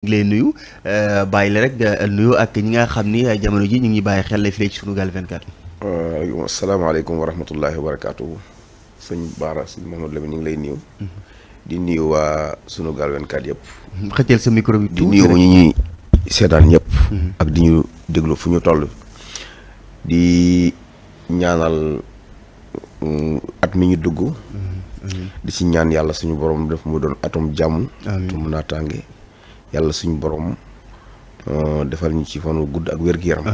ngi lay nuyu euh, bàyyi la rek nga euh, nuyu ak ñi nga xam ni euh, jamono ji ñu ngi bàyyi xel fii ci Sunugal 24. asalaamaaleykum wa rahmatullahi wa barakaatuhu sëñ Baara sëñ Mamadou Lamine ñu ngi lay nuyu. di nuyu waa Sunugal 24 yëpp. xëccal sa micro bi di nuyu ñu ñuy seetaan ñëpp. Mm-hmm. ak di ñu déglu fu ñu toll. di ñaanal mm, at mi ñu dugg. Mm-hmm. Mm-hmm. di ci ñaan yàlla suñu borom def mu doon atum jàmm. atum naataange. yàlla suñu borom euh, defal ñu ci fanu gudd ak wér-gu-yaram.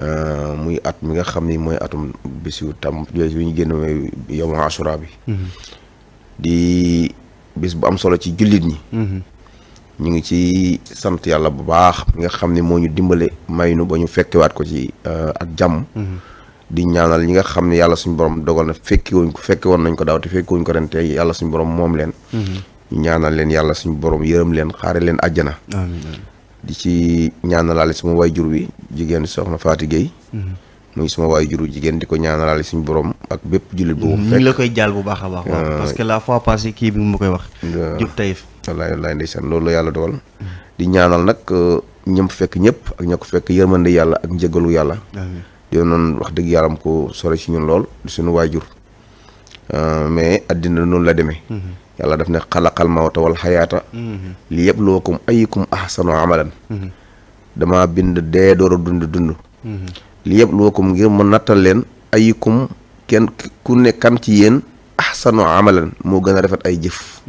Euh, muy at mi nga xam ni mooy atum bisu tam bi ñu génn mooy yow asura bi. Mm-hmm. di bis bu am solo ci jullit ñi. Mm-hmm. ngi ci sant yàlla bu baax mi nga xam ni moo ñu dimbale may nu ba ñu fekkewaat ko ci euh, ak jàmm. Mm-hmm. di ñaanal ñi nga xam ne yàlla suñ borom dogal na fekki wuñ ko fekke woon nañ ko daaw te fekki wuñ ko ren te yàlla suñ borom moom leen. ñaanal leen yàlla suñu borom yërëm leen xaare leen àjjana. di ci ñaanalaale suma waajur wi jigéen soxna Fatou Gueye. Mhm. muy suma waajuru jigéen di ko ñaanalaale suñu borom ak bépp jullit bu mu fekk la koy jaal bu baax a baax. Ah. parce que la fois passée kii bi mu koy wax. jub tayif. wallaay wallaay ndeysaan loolu la yàlla dogal. Mhm. di ñaanal nag euh, ñëm fekk ñëpp ak ña ko fekk yërmande yàlla ak njëgalu yàlla. yow noonu wax dëgg yàlla mu ko sore suñu ñun lool suñu waajur euh, mais addina noonu la demee. Mhm. yàlla daf ne xalaqal mawta wal xayaata mm-hmm. li yabluwakum ayyukum ahsanu amalan mm-hmm. dama bind dee door a dund dund mm-hmm. li yabluwakum ngir mu nattal leen ayyukum kenn ku ne kan ci yéen ahsanu amalan moo gën a rafet ay jëf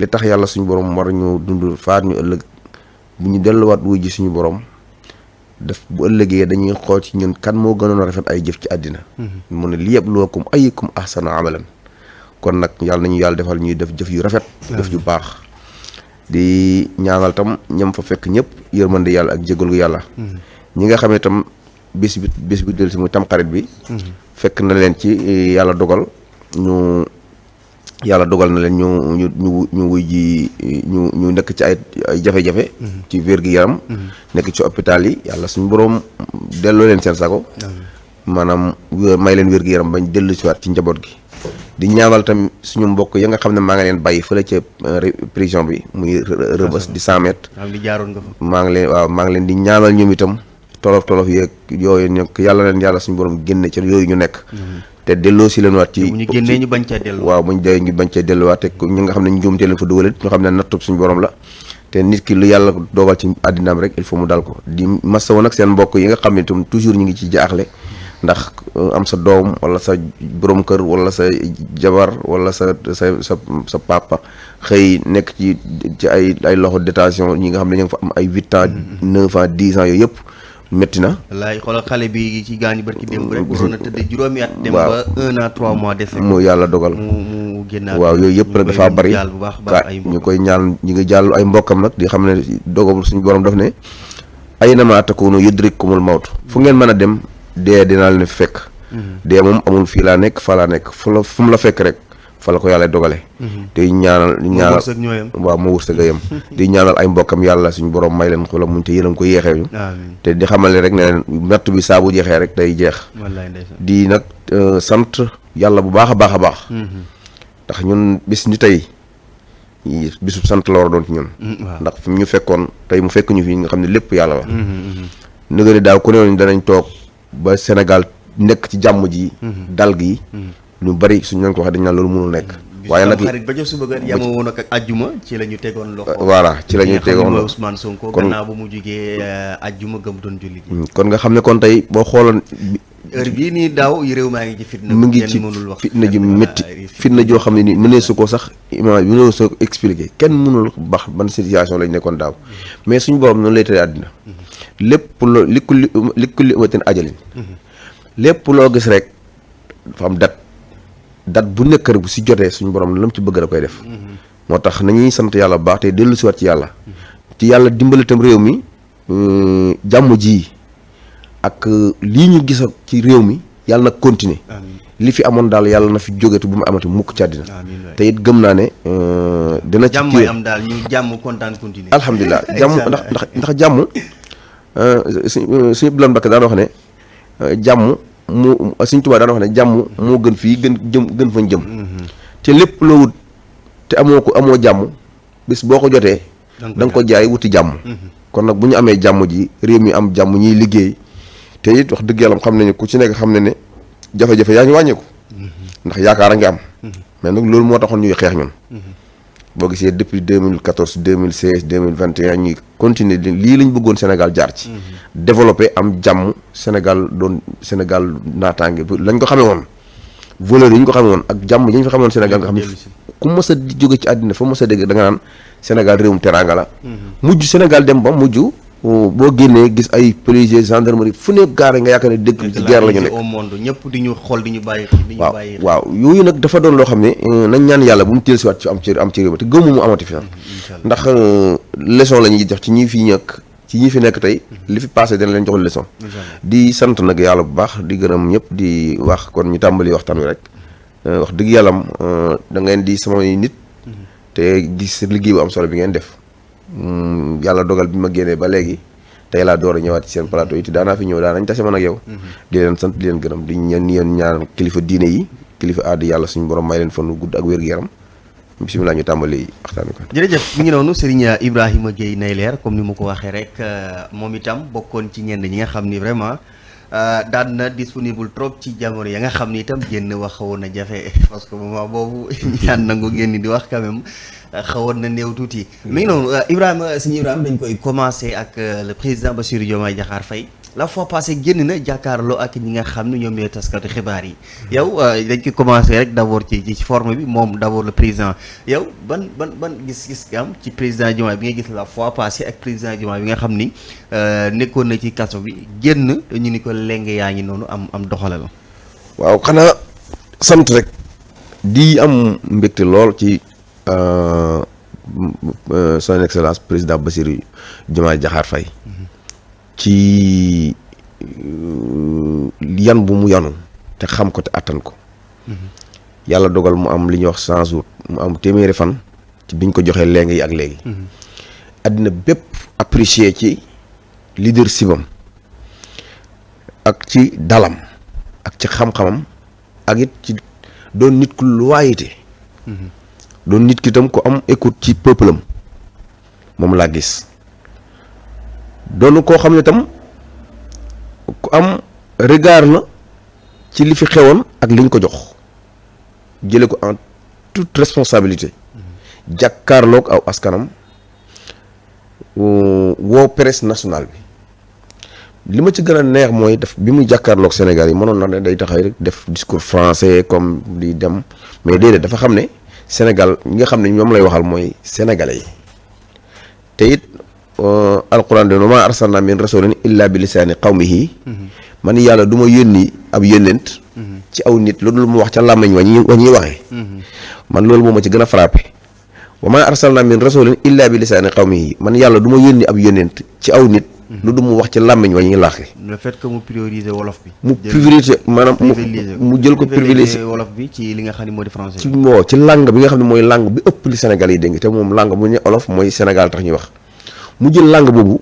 li tax yàlla suñu borom war ñu dund faat ñu ëllëg bu ñu delluwaat wuy ji suñu borom def bu ëllëgee dañuy xool ci ñun kan moo gënoon a rafet ay jëf ci àddina mu ne li yabluwakum ayyukum ahsanu amalan kon nag yàlla nañu yàlla defal ñuy def jëf yu rafet jëf yu baax di ñaanal tam ñam fa fekk ñëpp yërmande yàlla ak jégalu yàlla mm-hmm. nga xam ne tam bis bis bi del si muy tamxarit bi mm-hmm. fekk na leen ci eh, yàlla dogal ñu yàlla dogal na leen ñu ñu ñu ñu ji ñu ñu nekk ci ay jafe-jafe mm-hmm. ci wér-gi-yaram nekk ci hôpital yi yàlla suñu boroom delloo leen seen sago maanaam may leen wér-gi-yaram bañ dellu siwaat ci njaboot gi di ñaanal tam suñu mbokk ya nga xam ne maa ngi leen bàyyi fële ca euh, prison bi muy rëbës di cent mètres maa ngi leen waaw maa ngi leen di ñaanal ñoom itam tolof tolof yeeg yooyu nekk yàlla leen yàlla suñu borom génne ca yooyu ñu nekk mm-hmm. te delloo si leen waat ci ñu génnee ñu bañ cee dellu waaw bu ñu dee ñu bañ cee delluwaat te ñi nga xam ne njuumte leen fa dugalit ñu xam ne nattub suñu borom la te nit ki lu yàlla dogal ci àddinaam rek il faut mu dal ko di masawoon ak seen mbokk yi nga xam ne itam toujours ñu ngi ci jaaxle ndax euh, am sa doom wala sa borom kër wala sa jabar wala sa sa sa sa papa xëy nekk ci ci ay ay loxo détention ñi nga xam ne ñu ngi fa am ay huit ans neuf ans dix ans yooyu yëpp métti na. wallaay xoolal xale bi ci gaañu barki démb rek. mosoon na tëdd juróomi at. dem ba un an trois mois dese. mu yàlla dogal mu mu génnaat waaw yooyu yëpp nag dafa bari ñu koy ñaal ñu ngi jàll ay mbokkam nag di xam ne dogal suñu borom daf ne. ay na ma maa takunu yudrikkumul mawt fu ngeen mën a dem dee dinaa leen fekk. dee moom amul fii laa nekk fa laa nekk fu la mu la fekk rek fa la ko yàlla dogale. Mhm. di ñaanal di ñaanal waaw ma wërsëg a yem. di ñaanal ay mbokkam yàlla suñu borom may leen xolam muñ te yéen ko yeexee ñu. te di xamal rek ne natt bi saa bu jeexee rek day jeex. di nag euh, sant yàlla bu baax a baax a baax. Mhm. ndax ñun bis ni tey. bisub sant la war a doon ci ñun. Mm, ndax fi ñu fekkoon tey mu fekk ñu fi nga xam ne lépp yàlla la. Mhm, nëgëri daaw ku ne danañ toog. ba Sénégal nekk ci jàmm ji. Mhm. dal gi. lu mhm. bari suñu leen ko waxee dañ naan loolu mënul nekk. waaye nag xarit ba ca suba ga yama woon ak ajjuma ci la ñu tegoon loxo. Euh, voilà ci la ñu tegoon loxo Ousmane Sonko gannaaw ba mu jugee euh, ajjuma gëm doon julli. kon nga xam ne kon tey boo xooloon heure bii nii daaw réew maa ngi ci fitna. mu ngi ci fitna ju métti fitna joo xam ni nii mënee su ko sax imaam mënee su ko expliquer kenn mënul baax ban situation lañ nekkoon daaw mais suñu borom noonu lay tëddee àddina lépp loo li ku li li ku lépp loo gis rek dafa am dat dat bu nekk rek bu si jotee suñu borom lam ci bëgg da koy def. moo tax nañuy sant yàlla bu baax te dellu si ci yàlla. ci yàlla dimbali itam réew mi euh, jàmm ji. ak euh, lii ñu gis ci réew mi yàlla nag continuer li fi amoon daal yàlla na fi jógetu bu mu amati mukk ci àddina te it gëm naa ne euh, dina ci jàmm am daal ñu jàmm kontaan continuer alhamdulilah jàmm ndax ndax ndax jàmm suñu euh, suñu wax ne jàmm mu suñu tubaab daan wax ne jàmm moo gën fii gën gën fañ jëm mm-hmm. te lépp loo wut te amoo ko amoo jàmm bis boo ko jotee da nga ko jaay wuti jàmm mm-hmm. kon nag bu ñu amee jàmm ji réew mi am jàmm ñuy liggéey te it wax dëgg yàlla xam nañu ku ci nekk xam ne ne jafe-jafe yaa ngi wàññeeku mm-hmm. ndax yaakaar a nga am mm-hmm. mais nag loolu moo taxoon ñuy xeex ñun mm-hmm. boo gisee depuis de mil 2014 2016 2021 ñuy continuer lii lañ bëggoon Sénégal jaar ci développé am jàmm Sénégal doon Sénégal naataange lañ ko xamee woon voleur yi ñu ko xamee woon ak jàmm yi ñu fa xamee woon Sénégal nga xam ne ku mës jóge ci àddina fa mës a dégg da nga naan Sénégal réewum teranga la mujj Sénégal dem ba mujj boo génnee gis ay policiers gendarmerie fu nekk gaare nga yaakaar ne dëkk ci guerre la ñu nekk au ñëpp di ñu xool di ñu bàyyi waaw waaw yooyu nag dafa doon loo xam ne euh, nañ ñaan yàlla bu mu teel siwaat ci am ci am ci réew mi te gëmmu mu amati fi mm-hmm, ndax euh, leçon la ñuy jox ci ñi fi ñëkk ci ñi fi nekk tey mm-hmm. li fi passé dana leen jox leçon di sant nag yàlla bu baax di gërëm ñëpp di wax kon ñu tàmbali waxtaan wi rek euh, wax dëgg yàllam da ngeen di samay nit mm-hmm. te gis liggéey bu am solo bi ngeen def Mm, yàlla dogal bi ma génnee ba léegi tey laa door a ñëwaat ci seen plateau yi te daanaa fi ñëw daan nañ tase man ak yow. Mhm. di leen sant di leen gërëm di ñeen yéen kilifa diine yi kilifa aada yàlla suñu borom may leen fanu gudd ak wér-gu-yaram bisimilah ñu tàmbali waxtaan bi. jërëjëf mi ngi noonu Serigne Ibrahima Gueye nay leer comme ni mu ko waxee rek euh, moom itam bokkoon ci ñenn ñi nga xam ni vraiment. Euh, daan na disponible trop ci jamono ya nga xam ni itam génn wax xawoon na jafe parce que moment boobu ñu daan nangu génn di wax quand euh, xawoon na néew tuuti. mais noonu euh, Ibrahima suñu Ibrahima dañ koy commencer ak le président Bassirou Diomaye Diakhar fay la fois passée génn na jàkkaarloo ak ñi nga xam ne ñoom ñooy taskatu xibaar yi. yow euh, dañ ci commencé rek d' abord ci ci forme bi moom d' abord président yow ban ban ban gis-gis nga am ci président Diomaye bi nga gis la fois passée ak président Diomaye bi nga xam ni euh, nekkoon na ci kaso bi génn ñu ni ko leng yaa ngi noonu am am doxalal. waaw xanaa sant rek di am mbégte lool ci. Euh, son excellence président Bassirou Diomaye jakaar fay mm-hmm. ci euh, yan bu mu yanu te xam ko te attan ko mm-hmm. yàlla dogal mu am li ñuy wax cent jours mu am téeméeri fan ci biñ ko joxee léegi yi ak léegi mm-hmm. àddina bépp apprécier ci leadership am ak ci dalam ak ci xam-xamam ak it ci doon nit ku loyauté mm-hmm. doon nit ki itam ko am écoute ci peuple am moom laa gis doon koo xam ne tam ku am regard na ci li fi xewoon ak liñ ko jox jële ko en toute responsabilité jàkkaarlook aw askanam woo presse nationale bi li ma ci gën a neex mooy def bi mu jàkkaarlook Sénégal yi mënoon na ne day taxay rek def discours français comme liy dem mais déedéet dafa xam ne Sénégal ñi nga xam ne ñoom lay waxal mooy sénégalais yi te it Euh, alquran de ma arsalna min rasulin illa bi lisaani qawmihi man yàlla du ma yónni ab yónnent ci aw nit loolu mu wax ca làmmiñ wa ñuy wa ñuy waxee man loolu moom ma ci gën a frappé wa ma arsalna min rasulin illa bi lisaani qawmihi man yàlla du ma yónni ab yónnent ci aw nit lu du mu wax ci làmmiñ wa ñuy laaxee. le fait que mu prioriser wolof bi. mu prioriser maanaam mu jël ko privilégié wolof bi ci li nga xam ne moo di français. bi nga xam ne mooy langue bi ëpp li Sénégal yi dégg te moom mu jël langue boobu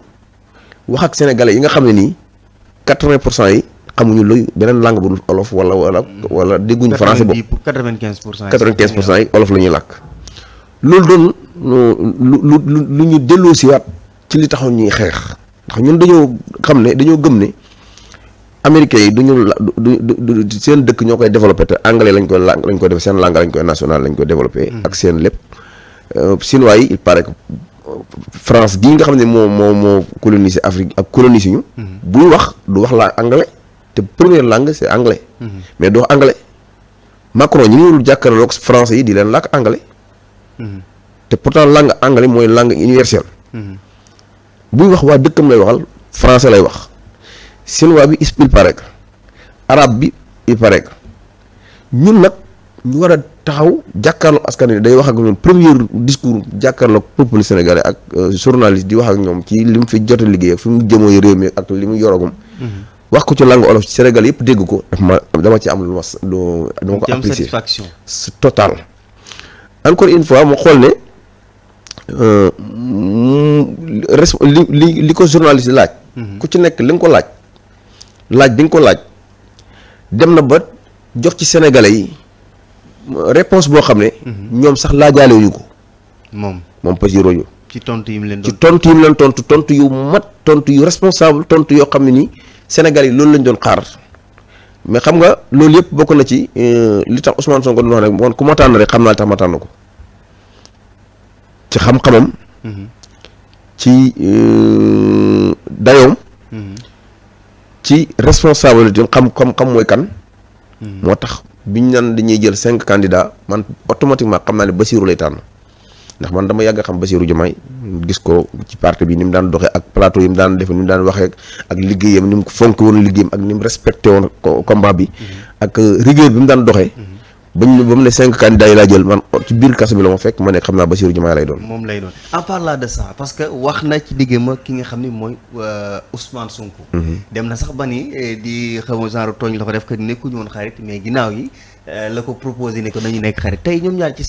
wax ak sénégalais yi nga xam ne nii quatre-vingt pour cent yi xamuñu luy beneen langue bu olof wala wala wala dégguñu français boobu quatre-vingt-quinze pour cent yi olof la ñuy làkk loolu doon lu lu lu ñu delloosiwaat ci li taxoon ñuy xeex ndax ñun dañoo xam ne dañoo gëm ne américains yi du ñu du du du seen dëkk ñoo koy développé te anglais lañ koy lañ koy def seen langue lañ koy national lañ koy développé. Mm. ak seen lépp euh, chinois yi il paraît France gii nga xam ne moo moo moo coloniser Afrique ak coloniser ñu. Mhm. buy wax du wax laa anglais te première langue si est anglais. Mhm. mais doo anglais Macron ñi ngi jàkkaarloog français yi di leen làkk anglais. Mhm. te pourtant langue anglais mooy langue universelle. buy wax waa dëkkam lay waxal français lay wax. chinois bi il paraît arabe bi il paraît ñun nag ñu war taxaw jàkkaarloog askan wi day wax ak ñoom premier discours jàkkaarloog peuple sénégalais ak euh, journaliste di wax ak ñoom ci li mu fi jot a liggéey ak fi mu jëmooy réew mi ak li mu yoragum. Mm-hmm. wax ko ci langue olof ci Sénégal yëpp dégg ko dama dama ci am lu ma lu dama ko apprécier satisfaction total encore une mu xool ne euh, li li li ko journaliste laaj mm-hmm. ku ci nekk li nga ko laaj laaj bi nga ko laaj dem na ba jox ci sénégalais yi réponse boo xam ne. Mhm. ñoom sax laajaale wuñu ko. moom moom Pajiro ñu. ci tontu yi mu leen ci tontu yi mu leen tontu tontu yu mat tontu yu responsable tontu yoo xam ne ni Sénégal yi loolu lañ doon xaar mais xam nga loolu yépp bokk na ci euh, li tax Ousmane Sonko doon wax rek ma xam naa li tax ma tànn ko ci xam-xamam. Mhm. ci euh, dayoom. Mhm. ci responsabilité xam xam xam mooy kan. moo tax. bi biñ naan dañuy jël cinq candidats man automatiquement xam naa ne Bassirou lay tànn ndax man dama yàgg xam Bassirou Diomaye gis ko ci parti bi ni mu daan doxee ak plateau yi mu daan defe ni mu daan waxee ak liggéeyam ni mu fonk woon liggéeyam ak ni mu respecté woon combat bi mhm. ak euh, rigueur bi mu daan doxee. Mhm. bañ la ba mu ne cinq candidats laa jël man ci biir kaso bi la ma fekk ma ne xam naa Bassirou Diomaye lay doon. moom lay doon en parlant de ça parce que wax na ci digg ma ki nga xam ni mooy euh, Ousmane Sonko. Mhm. dem na sax ba ni euh, di xaw ma genre tooñ la fa def que nekkuñu woon xarit mais ginnaaw yi euh, la ko proposé ne ko nañu nekk xarit tey ñoom ñaar ci.